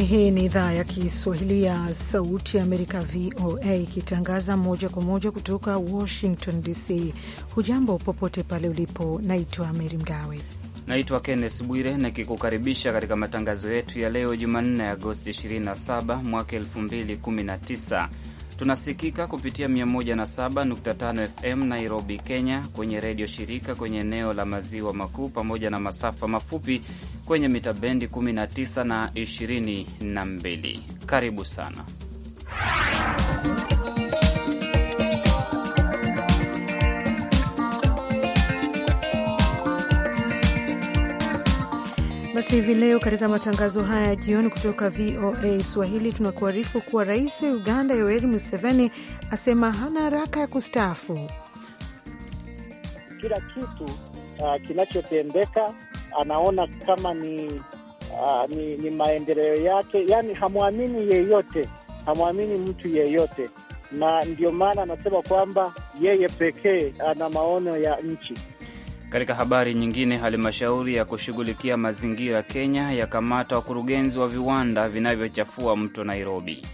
Hii ni idhaa ya Kiswahili ya Sauti ya Amerika, VOA, ikitangaza moja kwa moja kutoka Washington DC. Hujambo popote pale ulipo. Naitwa Meri Mgawe. Naitwa Kennes Bwire nikikukaribisha katika matangazo yetu ya leo Jumanne, Agosti 27 mwaka 2019 Tunasikika kupitia 107.5 FM Nairobi, Kenya, kwenye redio shirika kwenye eneo la maziwa makuu, pamoja na masafa mafupi kwenye mita bendi 19 na 22. Karibu sana Basi hivi leo katika matangazo haya ya jioni kutoka VOA Swahili tunakuarifu kuwa rais wa Uganda Yoweri Museveni asema hana haraka ya kustaafu. Kila kitu uh, kinachotendeka anaona kama ni, uh, ni, ni maendeleo yake, yaani hamwamini yeyote, hamwamini mtu yeyote, na ndio maana anasema kwamba yeye pekee ana maono ya nchi. Katika habari nyingine, halmashauri ya kushughulikia mazingira Kenya yakamata wakurugenzi wa viwanda vinavyochafua mto Nairobi.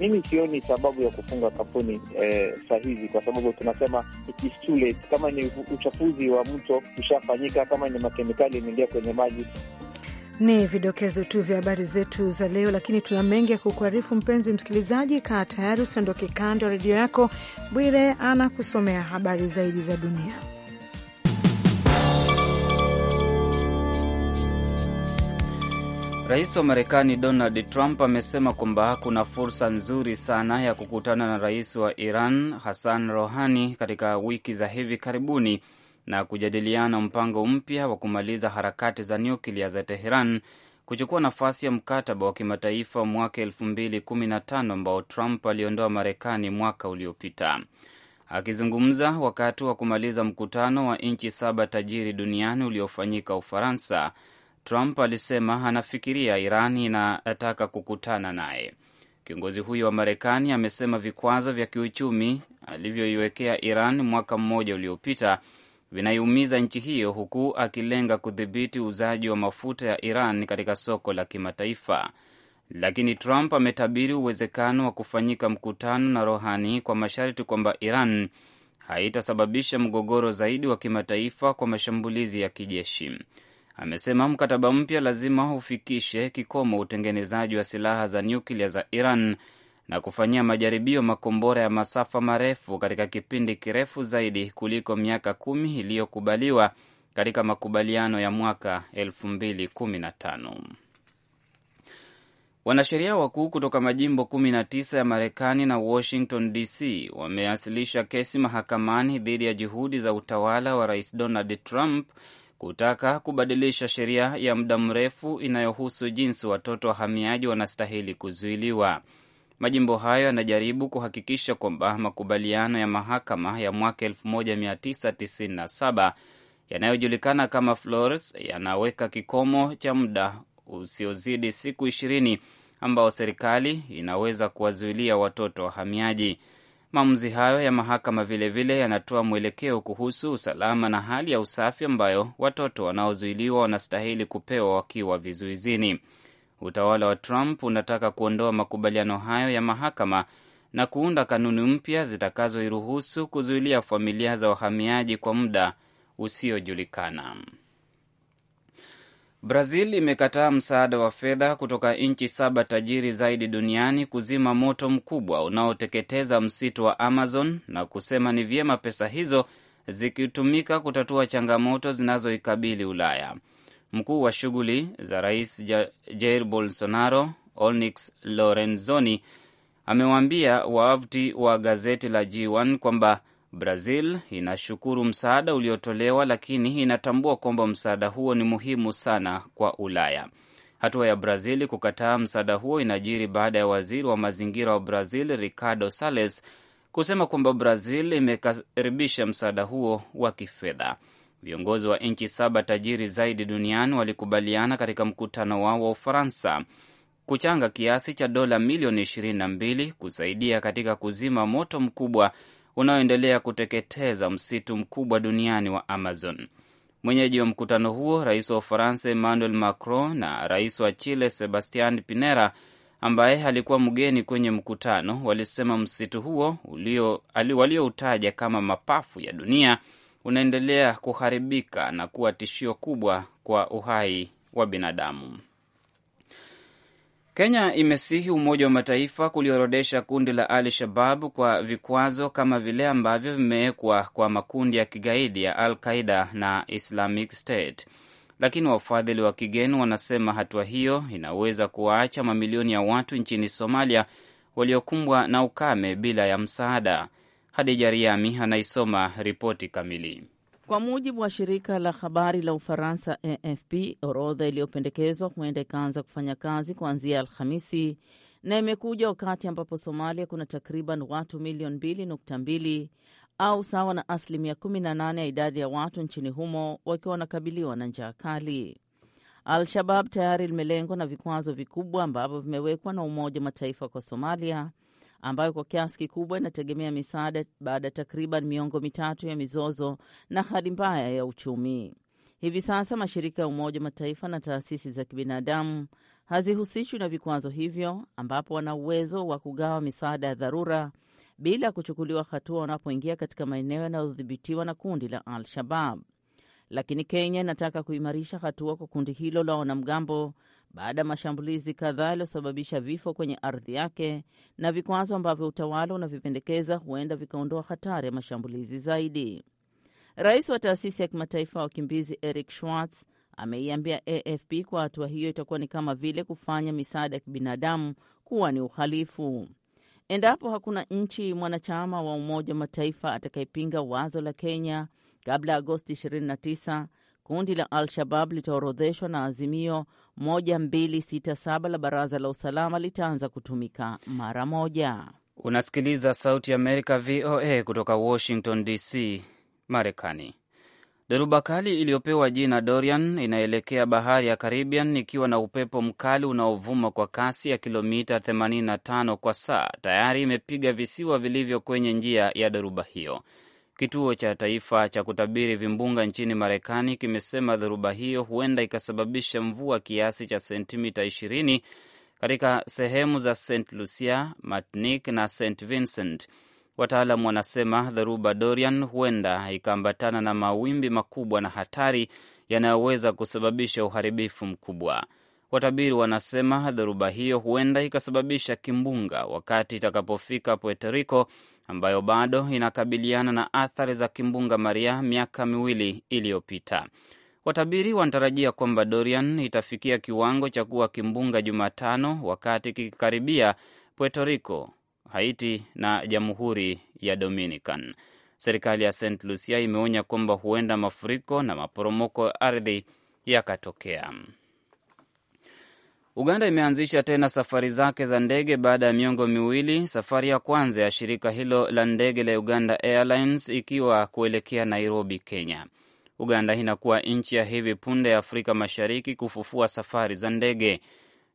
Mimi sioni sababu ya kufunga kampuni eh, saa hizi kwa sababu tunasema it is too late. Kama ni uchafuzi wa mto ushafanyika, kama ni makemikali imeingia kwenye maji. Ni vidokezo tu vya habari zetu za leo, lakini tuna mengi ya kukuarifu mpenzi msikilizaji. Kaa tayari, usiondoke kando ya redio yako. Bwire anakusomea habari zaidi za dunia. Rais wa Marekani Donald Trump amesema kwamba kuna fursa nzuri sana ya kukutana na rais wa Iran Hassan Rohani katika wiki za hivi karibuni na kujadiliana mpango mpya wa kumaliza harakati za nyuklia za Teheran kuchukua nafasi ya mkataba wa kimataifa mwaka 2015 ambao Trump aliondoa Marekani mwaka uliopita. Akizungumza wakati wa kumaliza mkutano wa nchi saba tajiri duniani uliofanyika Ufaransa, Trump alisema anafikiria Iran inataka kukutana naye. Kiongozi huyo wa Marekani amesema vikwazo vya kiuchumi alivyoiwekea Iran mwaka mmoja uliopita vinaiumiza nchi hiyo, huku akilenga kudhibiti uuzaji wa mafuta ya Iran katika soko la kimataifa. Lakini Trump ametabiri uwezekano wa kufanyika mkutano na Rohani kwa masharti kwamba Iran haitasababisha mgogoro zaidi wa kimataifa kwa mashambulizi ya kijeshi amesema mkataba mpya lazima ufikishe kikomo utengenezaji wa silaha za nyuklia za Iran na kufanyia majaribio makombora ya masafa marefu katika kipindi kirefu zaidi kuliko miaka kumi iliyokubaliwa katika makubaliano ya mwaka 2015. Wanasheria wakuu kutoka majimbo 19 ya Marekani na Washington DC wamewasilisha kesi mahakamani dhidi ya juhudi za utawala wa Rais Donald Trump kutaka kubadilisha sheria ya muda mrefu inayohusu jinsi watoto wahamiaji wanastahili kuzuiliwa. Majimbo hayo yanajaribu kuhakikisha kwamba makubaliano ya mahakama ya mwaka 1997 yanayojulikana kama Flores yanaweka kikomo cha muda usiozidi siku ishirini ambao serikali inaweza kuwazuilia watoto wahamiaji. Maamuzi hayo ya mahakama vilevile yanatoa mwelekeo kuhusu usalama na hali ya usafi ambayo watoto wanaozuiliwa wanastahili kupewa wakiwa vizuizini. Utawala wa Trump unataka kuondoa makubaliano hayo ya mahakama na kuunda kanuni mpya zitakazoiruhusu kuzuilia familia za wahamiaji kwa muda usiojulikana. Brazil imekataa msaada wa fedha kutoka nchi saba tajiri zaidi duniani kuzima moto mkubwa unaoteketeza msitu wa Amazon na kusema ni vyema pesa hizo zikitumika kutatua changamoto zinazoikabili Ulaya. Mkuu wa shughuli za Rais Jair Bolsonaro, Onyx Lorenzoni, amewaambia waafti wa gazeti la G1 kwamba Brazil inashukuru msaada uliotolewa, lakini inatambua kwamba msaada huo ni muhimu sana kwa Ulaya. Hatua ya Brazil kukataa msaada huo inajiri baada ya waziri wa mazingira wa Brazil Ricardo Salles kusema kwamba Brazil imekaribisha msaada huo wa kifedha. Viongozi wa nchi saba tajiri zaidi duniani walikubaliana katika mkutano wao wa Ufaransa kuchanga kiasi cha dola milioni 22 kusaidia katika kuzima moto mkubwa unaoendelea kuteketeza msitu mkubwa duniani wa Amazon. Mwenyeji wa mkutano huo, rais wa Ufaransa Emmanuel Macron na rais wa Chile Sebastian Pinera, ambaye alikuwa mgeni kwenye mkutano, walisema msitu huo walioutaja kama mapafu ya dunia unaendelea kuharibika na kuwa tishio kubwa kwa uhai wa binadamu. Kenya imesihi Umoja wa Mataifa kuliorodesha kundi la Al Shabab kwa vikwazo kama vile ambavyo vimewekwa kwa makundi ya kigaidi ya Al Qaida na Islamic State, lakini wafadhili wa kigeni wanasema hatua hiyo inaweza kuwaacha mamilioni ya watu nchini Somalia waliokumbwa na ukame bila ya msaada. Hadija Riami anaisoma ripoti kamili. Kwa mujibu wa shirika la habari la Ufaransa AFP, orodha iliyopendekezwa huenda ikaanza kufanya kazi kuanzia Alhamisi na imekuja wakati ambapo Somalia kuna takriban watu milioni mbili au sawa na asilimia 18 ya idadi ya watu nchini humo wakiwa wanakabiliwa na njaa kali. Al-Shabab tayari limelengwa na vikwazo vikubwa ambavyo vimewekwa na Umoja wa Mataifa kwa Somalia ambayo kwa kiasi kikubwa inategemea misaada baada ya takriban miongo mitatu ya mizozo na hali mbaya ya uchumi. Hivi sasa mashirika ya Umoja wa Mataifa na taasisi za kibinadamu hazihusishwi na vikwazo hivyo, ambapo wana uwezo wa kugawa misaada ya dharura bila kuchukuliwa hatua wanapoingia katika maeneo yanayodhibitiwa na kundi la Al-Shabab lakini Kenya inataka kuimarisha hatua kwa kundi hilo la wanamgambo baada ya mashambulizi kadhaa yaliyosababisha vifo kwenye ardhi yake na vikwazo ambavyo utawala unavipendekeza huenda vikaondoa hatari ya mashambulizi zaidi. Rais wa taasisi ya kimataifa ya wakimbizi Eric Schwartz ameiambia AFP kwa hatua hiyo itakuwa ni kama vile kufanya misaada ya kibinadamu kuwa ni uhalifu. Endapo hakuna nchi mwanachama wa Umoja wa Mataifa atakayepinga wazo la Kenya Kabla ya Agosti 29 kundi la Al-Shabab litaorodheshwa na azimio 1267 la Baraza la Usalama litaanza kutumika mara moja. Unasikiliza Sauti ya Amerika, VOA, kutoka Washington DC, Marekani. Dhoruba kali iliyopewa jina Dorian inaelekea bahari ya caribbian ikiwa na upepo mkali unaovuma kwa kasi ya kilomita 85 kwa saa. Tayari imepiga visiwa vilivyo kwenye njia ya dhoruba hiyo. Kituo cha taifa cha kutabiri vimbunga nchini Marekani kimesema dhoruba hiyo huenda ikasababisha mvua kiasi cha sentimita 20 katika sehemu za St Lucia, Martinique na St Vincent. Wataalamu wanasema dharuba Dorian huenda ikaambatana na mawimbi makubwa na hatari yanayoweza kusababisha uharibifu mkubwa. Watabiri wanasema dharuba hiyo huenda ikasababisha kimbunga wakati itakapofika Puerto Rico ambayo bado inakabiliana na athari za kimbunga Maria miaka miwili iliyopita. Watabiri wanatarajia kwamba Dorian itafikia kiwango cha kuwa kimbunga Jumatano, wakati kikikaribia Puerto Rico, Haiti na Jamhuri ya Dominican. Serikali ya St Lucia imeonya kwamba huenda mafuriko na maporomoko ya ardhi yakatokea. Uganda imeanzisha tena safari zake za ndege baada ya miongo miwili, safari ya kwanza ya shirika hilo la ndege la Uganda Airlines ikiwa kuelekea Nairobi, Kenya. Uganda inakuwa nchi ya hivi punde ya Afrika Mashariki kufufua safari za ndege.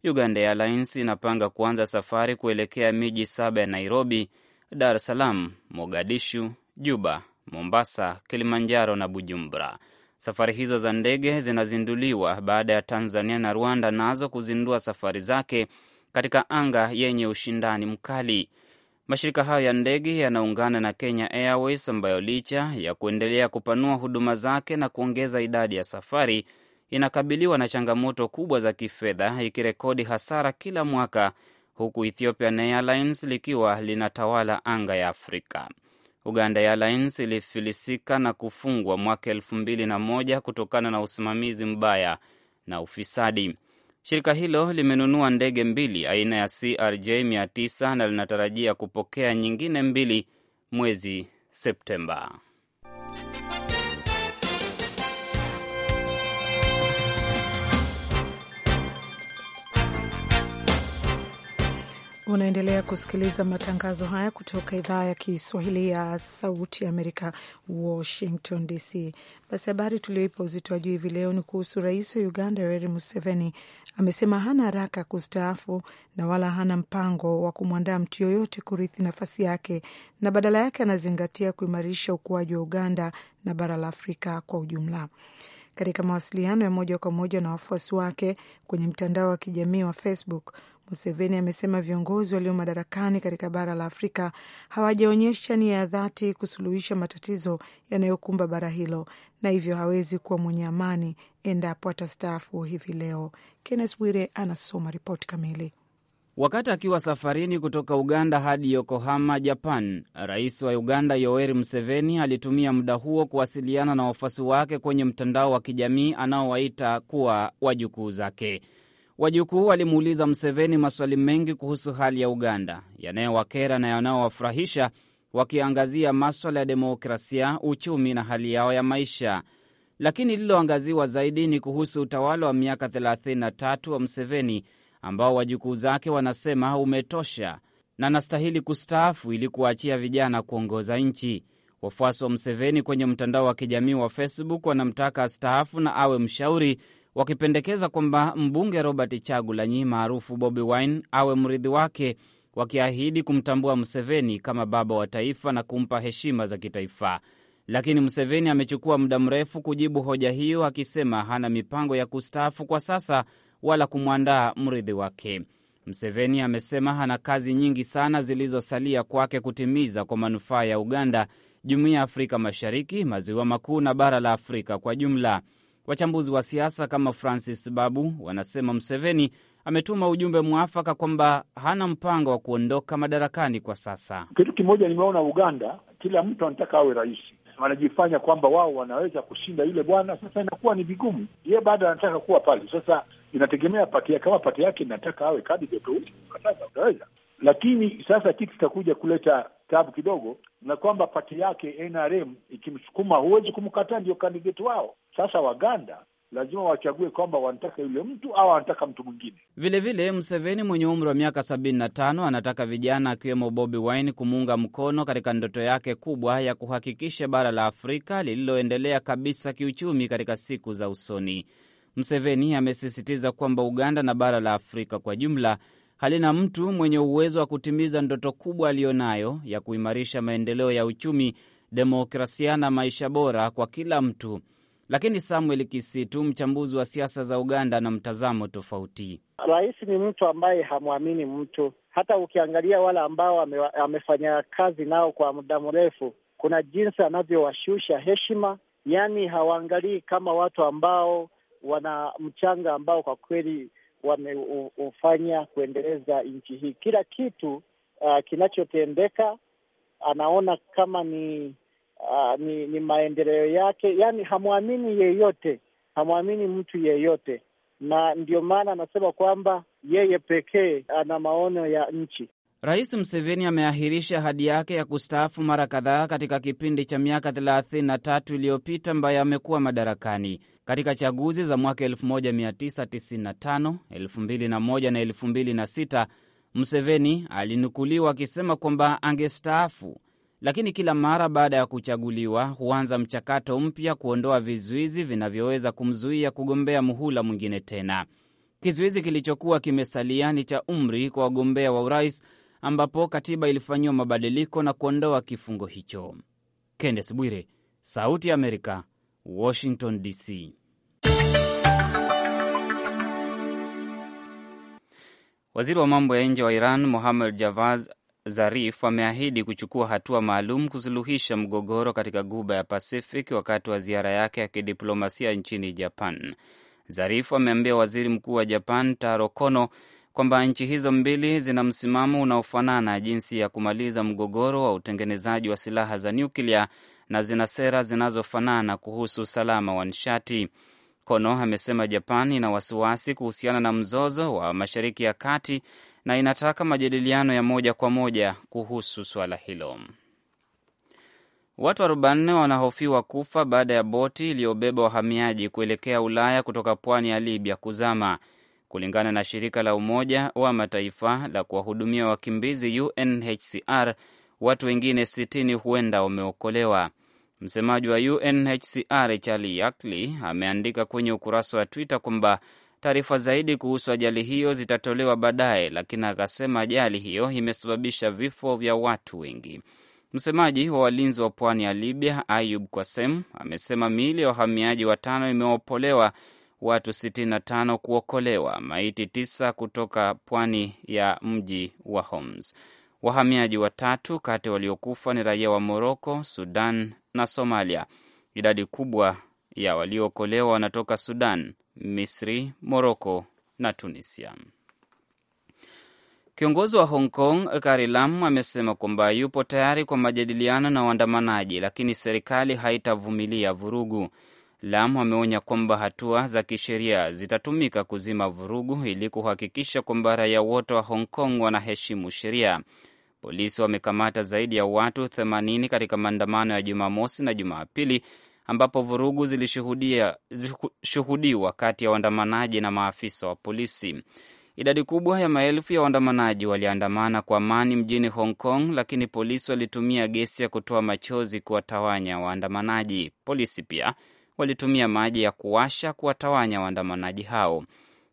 Uganda Airlines inapanga kuanza safari kuelekea miji saba ya Nairobi, Dar es Salaam, Mogadishu, Juba, Mombasa, Kilimanjaro na Bujumbura. Safari hizo za ndege zinazinduliwa baada ya Tanzania na Rwanda nazo kuzindua safari zake katika anga yenye ushindani mkali. Mashirika hayo ya ndege yanaungana na Kenya Airways ambayo licha ya kuendelea kupanua huduma zake na kuongeza idadi ya safari, inakabiliwa na changamoto kubwa za kifedha, ikirekodi hasara kila mwaka, huku Ethiopian Airlines likiwa linatawala anga ya Afrika. Uganda Airlines ilifilisika na kufungwa mwaka elfu mbili na moja kutokana na usimamizi mbaya na ufisadi. Shirika hilo limenunua ndege mbili aina ya CRJ 900 na linatarajia kupokea nyingine mbili mwezi Septemba. Unaendelea kusikiliza matangazo haya kutoka idhaa ya Kiswahili ya Sauti ya Amerika, Washington DC. Basi habari tulioipa uzito wa juu hivi leo ni kuhusu rais wa Uganda Yoweri Museveni amesema hana haraka kustaafu na wala hana mpango wa kumwandaa mtu yoyote kurithi nafasi yake, na badala yake anazingatia kuimarisha ukuaji wa Uganda na bara la Afrika kwa ujumla. Katika mawasiliano ya moja kwa moja na wafuasi wake kwenye mtandao wa kijamii wa Facebook, Museveni amesema viongozi walio madarakani katika bara la Afrika hawajaonyesha nia ya dhati kusuluhisha matatizo yanayokumba bara hilo na hivyo hawezi kuwa mwenye amani endapo atastaafu hivi leo. Kenneth Bwire anasoma ripoti kamili. Wakati akiwa safarini kutoka Uganda hadi Yokohama, Japan, rais wa Uganda Yoweri Museveni alitumia muda huo kuwasiliana na wafuasi wake kwenye mtandao wa kijamii anaowaita kuwa wajukuu zake. Wajukuu walimuuliza Mseveni maswali mengi kuhusu hali ya Uganda yanayowakera na yanayowafurahisha, wakiangazia maswala ya demokrasia, uchumi na hali yao ya maisha, lakini lililoangaziwa zaidi ni kuhusu utawala wa miaka 33 wa Mseveni ambao wajukuu zake wanasema umetosha na anastahili kustaafu ili kuwaachia vijana kuongoza nchi. Wafuasi wa Mseveni kwenye mtandao wa kijamii wa Facebook wanamtaka astaafu na awe mshauri wakipendekeza kwamba mbunge Robert Chagulanyi maarufu Bobi Wine awe mrithi wake, wakiahidi kumtambua Museveni kama baba wa taifa na kumpa heshima za kitaifa. Lakini Museveni amechukua muda mrefu kujibu hoja hiyo, akisema hana mipango ya kustaafu kwa sasa wala kumwandaa mrithi wake. Museveni amesema ana kazi nyingi sana zilizosalia kwake kutimiza kwa manufaa ya Uganda, jumuiya ya Afrika Mashariki, maziwa makuu na bara la Afrika kwa jumla. Wachambuzi wa siasa kama Francis Babu wanasema Mseveni ametuma ujumbe mwafaka kwamba hana mpango wa kuondoka madarakani kwa sasa. Kitu kimoja nimeona Uganda, kila mtu anataka awe rais, wanajifanya kwamba wao wanaweza kushinda yule bwana. Sasa inakuwa ni vigumu, yeye bado anataka kuwa pale. Sasa inategemea pati yake, kama pati yake inataka awe candidate, sasa utaweza, lakini sasa kitu kitakuja kuleta tabu kidogo na kwamba pati yake NRM ikimsukuma, huwezi kumkataa, ndio kandidate wao. Sasa Waganda lazima wachague kwamba wanataka yule mtu au wanataka mtu mwingine. Vilevile, Mseveni mwenye umri wa miaka sabini na tano anataka vijana akiwemo Bobi Wine kumuunga mkono katika ndoto yake kubwa ya kuhakikisha bara la Afrika lililoendelea kabisa kiuchumi katika siku za usoni. Mseveni amesisitiza kwamba Uganda na bara la Afrika kwa jumla halina mtu mwenye uwezo wa kutimiza ndoto kubwa aliyonayo ya kuimarisha maendeleo ya uchumi, demokrasia na maisha bora kwa kila mtu. Lakini Samuel Kisitu, mchambuzi wa siasa za Uganda, na mtazamo tofauti. Rais ni mtu ambaye hamwamini mtu. Hata ukiangalia wale ambao ame, amefanya kazi nao kwa muda mrefu, kuna jinsi anavyowashusha heshima, yaani hawaangalii kama watu ambao wana mchanga ambao kwa kweli wameufanya kuendeleza nchi hii. Kila kitu uh, kinachotendeka anaona kama ni uh, ni, ni maendeleo yake, yani hamwamini yeyote, hamwamini mtu yeyote, na ndio maana anasema kwamba yeye pekee ana maono ya nchi. Rais Mseveni ameahirisha hadi yake ya kustaafu mara kadhaa katika kipindi cha miaka 33 iliyopita ambayo amekuwa madarakani. Katika chaguzi za mwaka 1995, 2001 na 2006, Mseveni alinukuliwa akisema kwamba angestaafu lakini kila mara baada ya kuchaguliwa huanza mchakato mpya kuondoa vizuizi vinavyoweza kumzuia kugombea muhula mwingine tena. Kizuizi kilichokuwa kimesalia ni cha umri kwa wagombea wa urais, ambapo katiba ilifanyiwa mabadiliko na kuondoa kifungo hicho. Kendes Bwire, Sauti ya Amerika, Washington DC. Waziri wa mambo ya nje wa Iran Mohamed Javad Zarif ameahidi kuchukua hatua maalum kusuluhisha mgogoro katika Guba ya Pacific wakati wa ziara yake ya kidiplomasia nchini Japan. Zarif ameambia waziri mkuu wa Japan Taro Kono kwamba nchi hizo mbili zina msimamo unaofanana jinsi ya kumaliza mgogoro wa utengenezaji wa silaha za nyuklia na zina sera zinazofanana kuhusu usalama wa nishati. Kono amesema Japan ina wasiwasi kuhusiana na mzozo wa Mashariki ya Kati na inataka majadiliano ya moja kwa moja kuhusu suala hilo. Watu 4 wanahofiwa kufa baada ya boti iliyobeba wahamiaji kuelekea Ulaya kutoka pwani ya Libya kuzama. Kulingana na shirika la Umoja wa Mataifa la kuwahudumia wakimbizi UNHCR, watu wengine 60 huenda wameokolewa. Msemaji wa UNHCR Charlie Yakli ameandika kwenye ukurasa wa Twitter kwamba Taarifa zaidi kuhusu ajali hiyo zitatolewa baadaye, lakini akasema ajali hiyo imesababisha vifo vya watu wengi. Msemaji wa walinzi wa pwani ya Libya Ayub Kwasem amesema miili ya wahamiaji watano imeopolewa, watu 65 kuokolewa, maiti tisa kutoka pwani ya mji wa Homs. Wahamiaji watatu kati waliokufa ni raia wa Moroko, Sudan na Somalia. Idadi kubwa ya waliookolewa wanatoka Sudan, Misri, Moroko na Tunisia. Kiongozi wa Hong Kong Carrie Lam amesema kwamba yupo tayari kwa majadiliano na waandamanaji, lakini serikali haitavumilia vurugu. Lam ameonya kwamba hatua za kisheria zitatumika kuzima vurugu ili kuhakikisha kwamba raia wote wa Hong Kong wanaheshimu sheria. Polisi wamekamata zaidi ya watu 80 katika maandamano ya Jumamosi na Jumapili ambapo vurugu zilishuhudiwa kati ya waandamanaji na maafisa wa polisi. Idadi kubwa ya maelfu ya waandamanaji waliandamana kwa amani mjini Hong Kong, lakini polisi walitumia gesi ya kutoa machozi kuwatawanya waandamanaji. Polisi pia walitumia maji ya kuwasha kuwatawanya waandamanaji hao.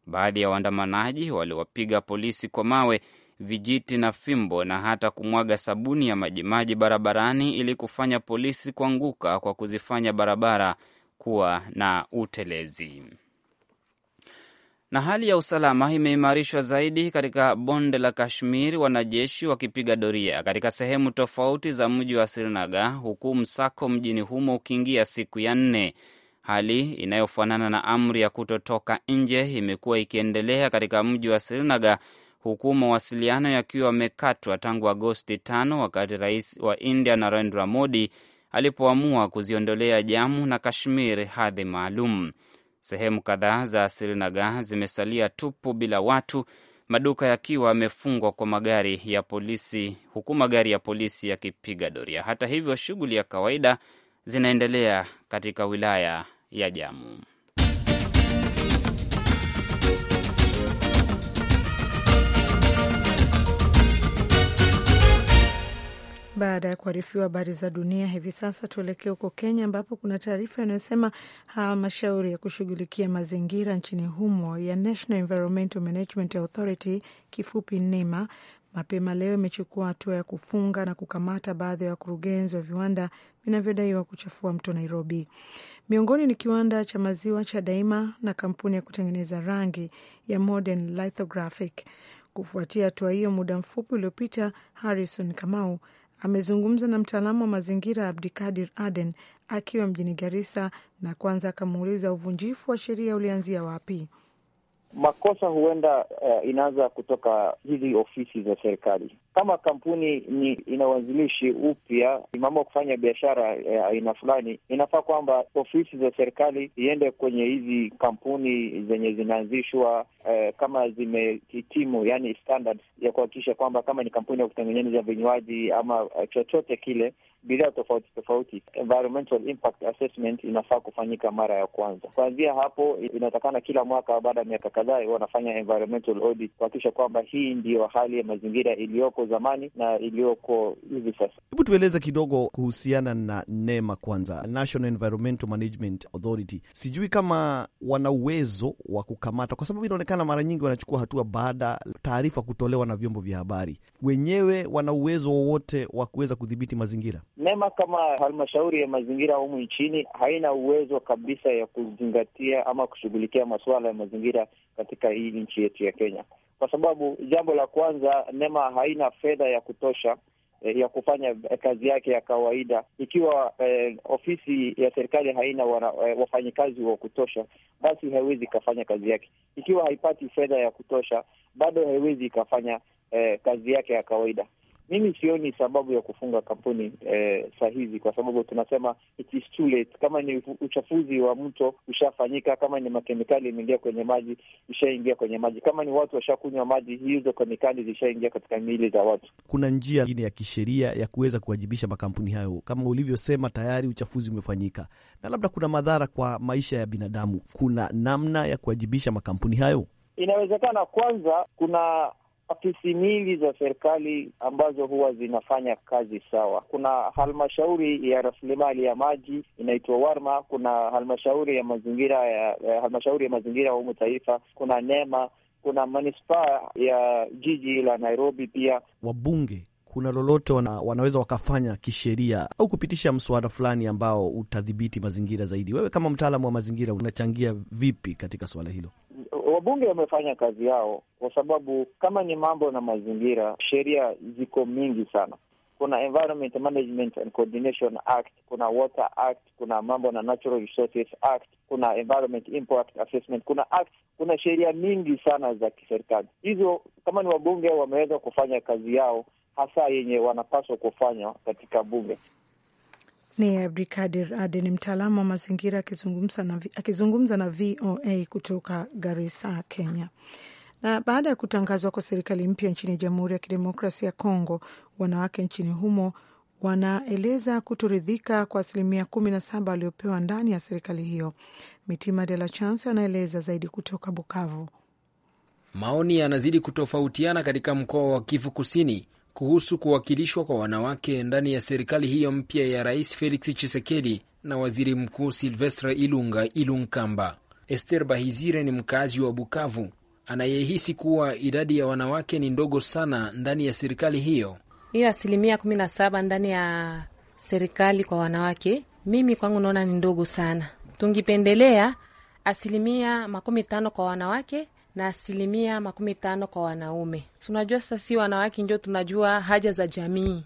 Baadhi ya waandamanaji waliwapiga polisi kwa mawe vijiti na fimbo na hata kumwaga sabuni ya majimaji barabarani ili kufanya polisi kuanguka kwa kuzifanya barabara kuwa na utelezi. Na hali ya usalama imeimarishwa zaidi katika bonde la Kashmir, wanajeshi wakipiga doria katika sehemu tofauti za mji wa Srinagar, huku msako mjini humo ukiingia siku ya nne. Hali inayofanana na amri ya kutotoka nje imekuwa ikiendelea katika mji wa Srinagar huku mawasiliano yakiwa yamekatwa tangu Agosti tano wakati rais wa India Narendra Modi alipoamua kuziondolea Jamu na Kashmir hadhi maalum. Sehemu kadhaa za Srinagar zimesalia tupu bila watu, maduka yakiwa yamefungwa kwa magari ya polisi, huku magari ya polisi yakipiga doria. Hata hivyo, shughuli ya kawaida zinaendelea katika wilaya ya Jamu. Baada ya kuarifiwa habari za dunia, hivi sasa tuelekee huko Kenya, ambapo kuna taarifa inayosema halmashauri ya kushughulikia mazingira nchini humo ya National Environmental Management Authority, kifupi NEMA, mapema leo imechukua hatua ya kufunga na kukamata baadhi ya wakurugenzi wa viwanda vinavyodaiwa kuchafua mto Nairobi. Miongoni ni kiwanda cha maziwa cha Daima na kampuni ya kutengeneza rangi ya Modern Lithographic. Kufuatia hatua hiyo, muda mfupi uliopita, Harrison Kamau amezungumza na mtaalamu wa mazingira Abdikadir Aden akiwa mjini Garissa, na kwanza akamuuliza uvunjifu wa sheria ulianzia wapi? Makosa huenda uh, inaanza kutoka hizi ofisi za serikali kama kampuni ni ina uanzilishi upya, imeamua kufanya biashara ya aina fulani, inafaa kwamba ofisi za serikali iende kwenye hizi kampuni zenye zinaanzishwa eh, kama zimehitimu, yani standards ya kuhakikisha kwamba kama ni kampuni ya kutengeneza vinywaji ama eh, chochote kile bidhaa tofauti tofauti, environmental impact assessment inafaa kufanyika mara ya kwanza. Kuanzia hapo, inatakana kila mwaka baada ya miaka kadhaa wanafanya environmental audit kuhakikisha kwamba hii ndiyo hali ya mazingira iliyoko zamani na iliyoko hivi sasa. Hebu tueleze kidogo kuhusiana na NEMA kwanza, National Environmental Management Authority. Sijui kama wana uwezo wa kukamata, kwa sababu inaonekana mara nyingi wanachukua hatua baada taarifa kutolewa na vyombo vya habari. Wenyewe wana uwezo wowote wa kuweza kudhibiti mazingira? NEMA kama halmashauri ya mazingira humu nchini haina uwezo kabisa ya kuzingatia ama kushughulikia masuala ya mazingira katika hii nchi yetu ya Kenya kwa sababu jambo la kwanza, NEMA haina fedha ya kutosha eh, ya kufanya eh, kazi yake ya kawaida. Ikiwa eh, ofisi ya serikali haina wana, eh, wafanyikazi wa kutosha, basi haiwezi ikafanya kazi yake. Ikiwa haipati fedha ya kutosha, bado haiwezi ikafanya eh, kazi yake ya kawaida. Mimi sioni sababu ya kufunga kampuni eh, saa hizi kwa sababu tunasema it is too late. Kama ni uchafuzi wa mto ushafanyika, kama ni makemikali imeingia kwenye maji ishaingia kwenye maji, kama ni watu washakunywa maji, hizo kemikali zishaingia katika miili za watu. Kuna njia ingine ya kisheria ya kuweza kuwajibisha makampuni hayo, kama ulivyosema tayari uchafuzi umefanyika na labda kuna madhara kwa maisha ya binadamu. Kuna namna ya kuwajibisha makampuni hayo? Inawezekana. Kwanza kuna afisi nyingi za serikali ambazo huwa zinafanya kazi sawa. Kuna halmashauri ya rasilimali ya maji inaitwa Warma, kuna halmashauri ya mazingira ya, ya eh, halmashauri ya mazingira ya umu taifa, kuna NEMA, kuna manispaa ya jiji la Nairobi. Pia wabunge kuna lolote wana, wanaweza wakafanya kisheria au kupitisha mswada fulani ambao utadhibiti mazingira zaidi. Wewe kama mtaalamu wa mazingira unachangia vipi katika suala hilo? Wabunge wamefanya kazi yao, kwa sababu kama ni mambo na mazingira, sheria ziko mingi sana. Kuna Environment Management and Coordination Act, kuna Water Act, kuna mambo na Natural Resources Act, kuna Environment Impact Assessment, kuna act, kuna sheria mingi sana za kiserikali. Hizo kama ni wabunge wameweza kufanya kazi yao hasa yenye wanapaswa kufanywa katika bunge. Ni Abdikadir ni mtaalamu wa mazingira akizungumza na, na VOA kutoka Garissa, Kenya. Na baada ya kutangazwa kwa serikali mpya nchini Jamhuri ya Kidemokrasia ya Kongo, wanawake nchini humo wanaeleza kutoridhika kwa asilimia kumi na saba waliopewa ndani ya serikali hiyo. Mitima De La Chance anaeleza zaidi kutoka Bukavu. Maoni yanazidi kutofautiana katika mkoa wa Kivu Kusini kuhusu kuwakilishwa kwa wanawake ndani ya serikali hiyo mpya ya Rais Felix Tshisekedi na Waziri Mkuu Silvestre Ilunga Ilunkamba. Ester Bahizire ni mkazi wa Bukavu anayehisi kuwa idadi ya wanawake ni ndogo sana ndani ya serikali hiyo. Hiyo asilimia kumi na saba ndani ya serikali kwa wanawake, mimi kwangu naona ni ndogo sana. Tungipendelea asilimia makumi tano kwa wanawake na asilimia makumi tano kwa wanaume. Tunajua sasa si wanawake njo tunajua haja za jamii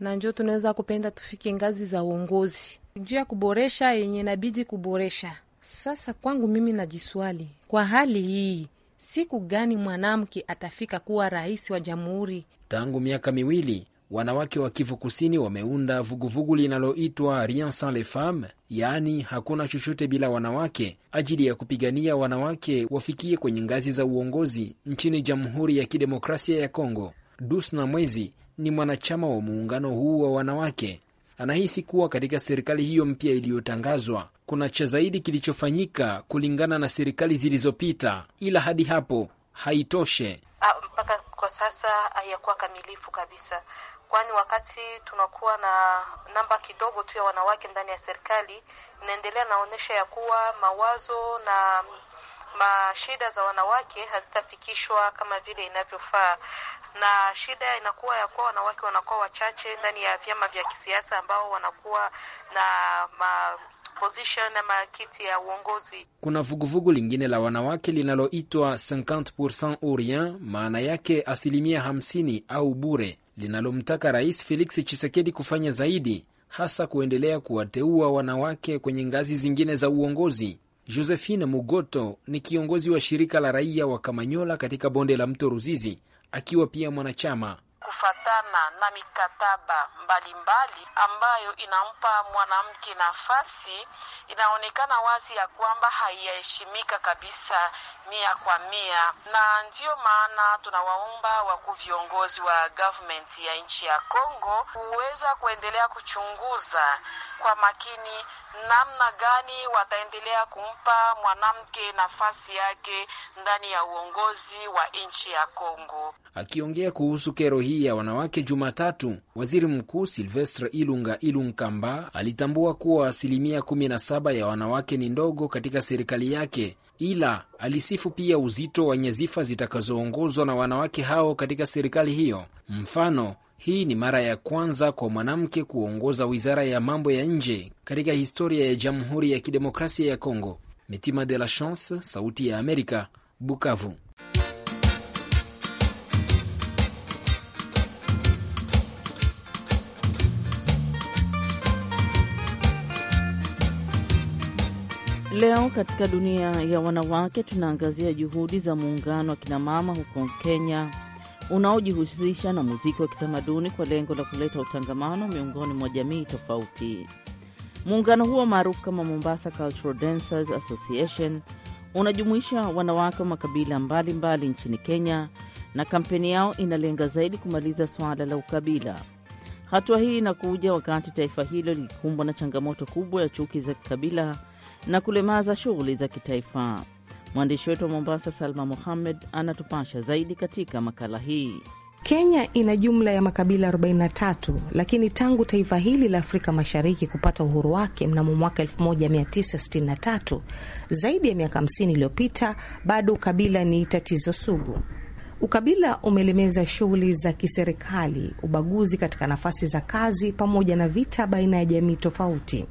na njo tunaweza kupenda tufike ngazi za uongozi, njuu ya kuboresha yenye inabidi kuboresha. Sasa kwangu mimi najiswali kwa hali hii, siku gani mwanamke atafika kuwa rais wa jamhuri? Tangu miaka miwili wanawake wa Kivu Kusini wameunda vuguvugu linaloitwa Rien sans les femmes, yaani hakuna chochote bila wanawake, ajili ya kupigania wanawake wafikie kwenye ngazi za uongozi nchini Jamhuri ya Kidemokrasia ya Kongo. Dusna Mwezi ni mwanachama wa muungano huu wa wanawake. Anahisi kuwa katika serikali hiyo mpya iliyotangazwa kuna cha zaidi kilichofanyika kulingana na serikali zilizopita, ila hadi hapo haitoshe. Ah, mpaka kwa sasa hayakuwa kamilifu kabisa kwani wakati tunakuwa na namba kidogo tu ya wanawake ndani ya serikali, inaendelea naonyesha ya kuwa mawazo na mashida za wanawake hazitafikishwa kama vile inavyofaa, na shida inakuwa ya kuwa wanawake wanakuwa wachache ndani ya vyama vya kisiasa ambao wanakuwa na ma position ama kiti ya uongozi. Kuna vuguvugu lingine la wanawake linaloitwa 50% ou rien, maana yake asilimia 50 au bure, linalomtaka Rais Felix Tshisekedi kufanya zaidi, hasa kuendelea kuwateua wanawake kwenye ngazi zingine za uongozi. Josephine Mugoto ni kiongozi wa shirika la raia wa Kamanyola katika bonde la mto Ruzizi, akiwa pia mwanachama kufatana na mikataba mbalimbali mbali ambayo inampa mwanamke nafasi, inaonekana wazi ya kwamba haiyaheshimika kabisa mia kwa mia, na ndiyo maana tunawaomba wakuu viongozi wa government ya nchi ya Kongo kuweza kuendelea kuchunguza kwa makini namna gani wataendelea kumpa mwanamke nafasi yake ndani ya uongozi wa nchi ya Kongo. Akiongea kuhusu kero hii hii ya wanawake Jumatatu, waziri mkuu Silvestre Ilunga Ilunkamba alitambua kuwa asilimia 17 ya wanawake ni ndogo katika serikali yake, ila alisifu pia uzito wa nyazifa zitakazoongozwa na wanawake hao katika serikali hiyo. Mfano, hii ni mara ya kwanza kwa mwanamke kuongoza wizara ya mambo ya nje katika historia ya Jamhuri ya Kidemokrasia ya Kongo. Mitima de la Chance, Sauti ya Amerika, Bukavu. Leo katika dunia ya wanawake tunaangazia juhudi za muungano wa kinamama huko Kenya unaojihusisha na muziki wa kitamaduni kwa lengo la kuleta utangamano miongoni mwa jamii tofauti. Muungano huo maarufu kama Mombasa Cultural Dancers Association unajumuisha wanawake wa makabila mbalimbali mbali nchini Kenya, na kampeni yao inalenga zaidi kumaliza suala la ukabila. Hatua hii inakuja wakati taifa hilo likikumbwa na changamoto kubwa ya chuki za kikabila na kulemaza shughuli za kitaifa. Mwandishi wetu wa Mombasa, Salma Mohammed, anatupasha zaidi katika makala hii. Kenya ina jumla ya makabila 43 lakini tangu taifa hili la Afrika Mashariki kupata uhuru wake mnamo mwaka 1963, zaidi ya miaka 50 iliyopita, bado ukabila ni tatizo sugu. Ukabila umelemeza shughuli za kiserikali, ubaguzi katika nafasi za kazi, pamoja na vita baina ya jamii tofauti.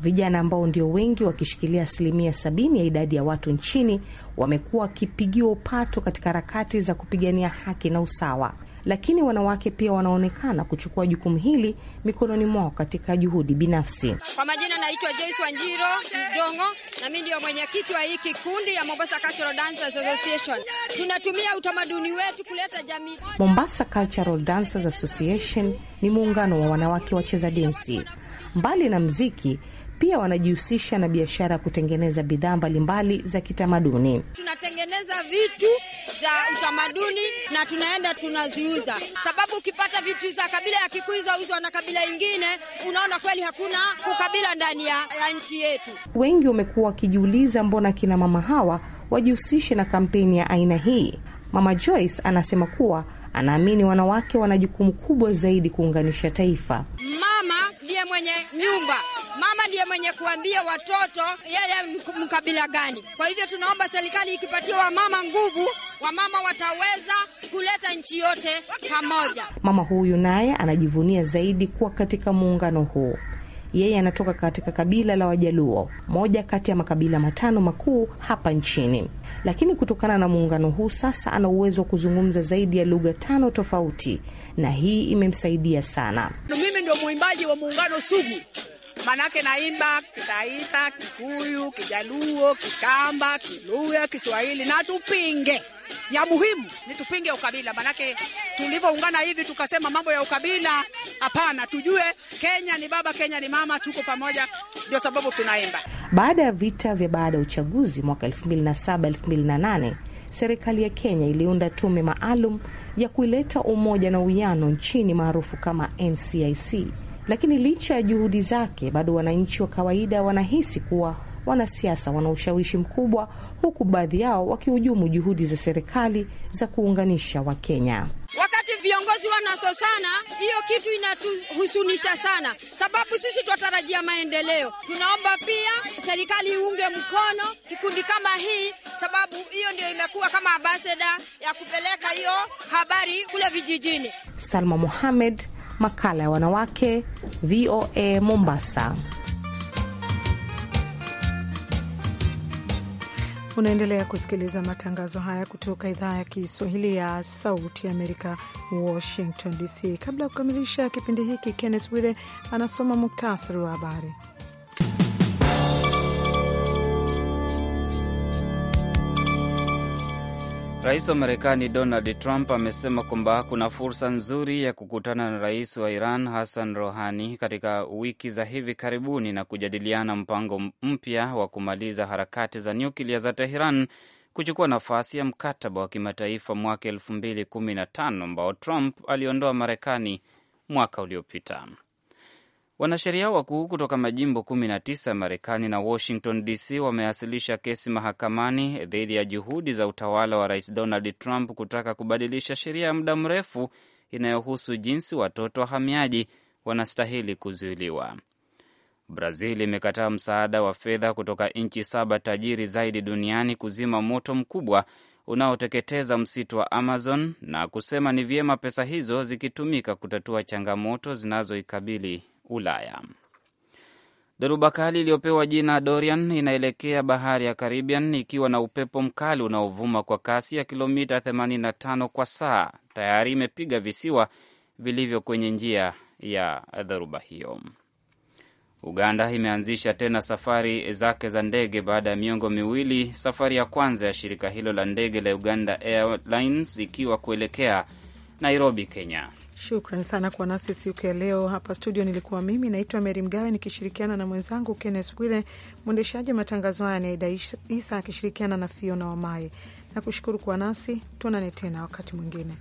Vijana ambao ndio wengi wakishikilia asilimia sabini ya idadi ya watu nchini wamekuwa wakipigiwa upato katika harakati za kupigania haki na usawa, lakini wanawake pia wanaonekana kuchukua jukumu hili mikononi mwao katika juhudi binafsi. Kwa majina naitwa Joyce Wanjiro Dongo, na mimi ndio mwenyekiti wa hii kikundi ya Mombasa Cultural Dancers Association. Tunatumia utamaduni wetu kuleta jamii. Mombasa Cultural Dancers Association ni muungano wa wanawake wacheza densi. Mbali na mziki pia wanajihusisha na biashara ya kutengeneza bidhaa mbalimbali za kitamaduni. Tunatengeneza vitu za utamaduni na tunaenda tunaziuza, sababu ukipata vitu za kabila ya Kikuyu zauzwa na kabila ingine, unaona kweli hakuna kukabila ndani ya nchi yetu. Wengi wamekuwa wakijiuliza mbona kina mama hawa wajihusishe na kampeni ya aina hii. Mama Joyce anasema kuwa anaamini wanawake wana jukumu kubwa zaidi kuunganisha taifa. Mama ndiye mwenye nyumba, mama ndiye mwenye kuambia watoto yeye mkabila gani. Kwa hivyo tunaomba serikali ikipatia wamama nguvu, wamama wataweza kuleta nchi yote pamoja. Mama huyu naye anajivunia zaidi kuwa katika muungano huu. Yeye anatoka katika kabila la Wajaluo, moja kati ya makabila matano makuu hapa nchini, lakini kutokana na muungano huu sasa ana uwezo wa kuzungumza zaidi ya lugha tano tofauti, na hii imemsaidia sana. Mimi ndio mwimbaji wa muungano sugu Manake naimba Kitaita, Kikuyu, Kijaluo, Kikamba, Kiluya, Kiswahili na tupinge. Ya muhimu ni tupinge ukabila, manake tulivyoungana hivi tukasema mambo ya ukabila hapana, tujue Kenya ni baba, Kenya ni mama, tuko pamoja, ndio sababu tunaimba. Baada ya vita vya baada ya uchaguzi mwaka 2007 2008 serikali ya Kenya iliunda tume maalum ya kuileta umoja na uwiano nchini maarufu kama NCIC. Lakini licha ya juhudi zake, bado wananchi wa kawaida wanahisi kuwa wanasiasa wana ushawishi mkubwa, huku baadhi yao wakihujumu juhudi za serikali za kuunganisha Wakenya. Wakati viongozi wanaso sana, hiyo kitu inatuhusunisha sana, sababu sisi twatarajia maendeleo. Tunaomba pia serikali iunge mkono kikundi kama hii, sababu hiyo ndio imekuwa kama ambasada ya kupeleka hiyo habari kule vijijini. Salma Mohamed, makala ya wanawake VOA Mombasa. Unaendelea kusikiliza matangazo haya kutoka idhaa ya Kiswahili ya Sauti ya Amerika, Washington DC. Kabla ya kukamilisha kipindi hiki, Kennes Bwire anasoma muktasari wa habari. Rais wa Marekani Donald Trump amesema kwamba kuna fursa nzuri ya kukutana na rais wa Iran Hassan Rohani katika wiki za hivi karibuni na kujadiliana mpango mpya wa kumaliza harakati za nyuklia za Teheran kuchukua nafasi ya mkataba wa kimataifa mwaka elf215 ambao Trump aliondoa Marekani mwaka uliopita. Wanasheria wakuu kutoka majimbo 19 ya Marekani na Washington DC wamewasilisha kesi mahakamani dhidi ya juhudi za utawala wa Rais Donald Trump kutaka kubadilisha sheria ya muda mrefu inayohusu jinsi watoto wahamiaji wanastahili kuzuiliwa. Brazil imekataa msaada wa fedha kutoka nchi saba tajiri zaidi duniani kuzima moto mkubwa unaoteketeza msitu wa Amazon na kusema ni vyema pesa hizo zikitumika kutatua changamoto zinazoikabili Ulaya. Dhoruba kali iliyopewa jina Dorian inaelekea bahari ya Caribbean ikiwa na upepo mkali unaovuma kwa kasi ya kilomita 85 kwa saa. Tayari imepiga visiwa vilivyo kwenye njia ya dhoruba hiyo. Uganda imeanzisha tena safari zake za ndege baada ya miongo miwili, safari ya kwanza ya shirika hilo la ndege la Uganda Airlines ikiwa kuelekea Nairobi, Kenya. Shukran sana kwa nasi siku ya leo hapa studio. Nilikuwa mimi naitwa Meri Mgawe nikishirikiana na mwenzangu Kennes Bwire, mwendeshaji wa matangazo haya ni Aida Isa akishirikiana na Fiona na Nakushukuru kwa nasi, tuonane tena wakati mwingine.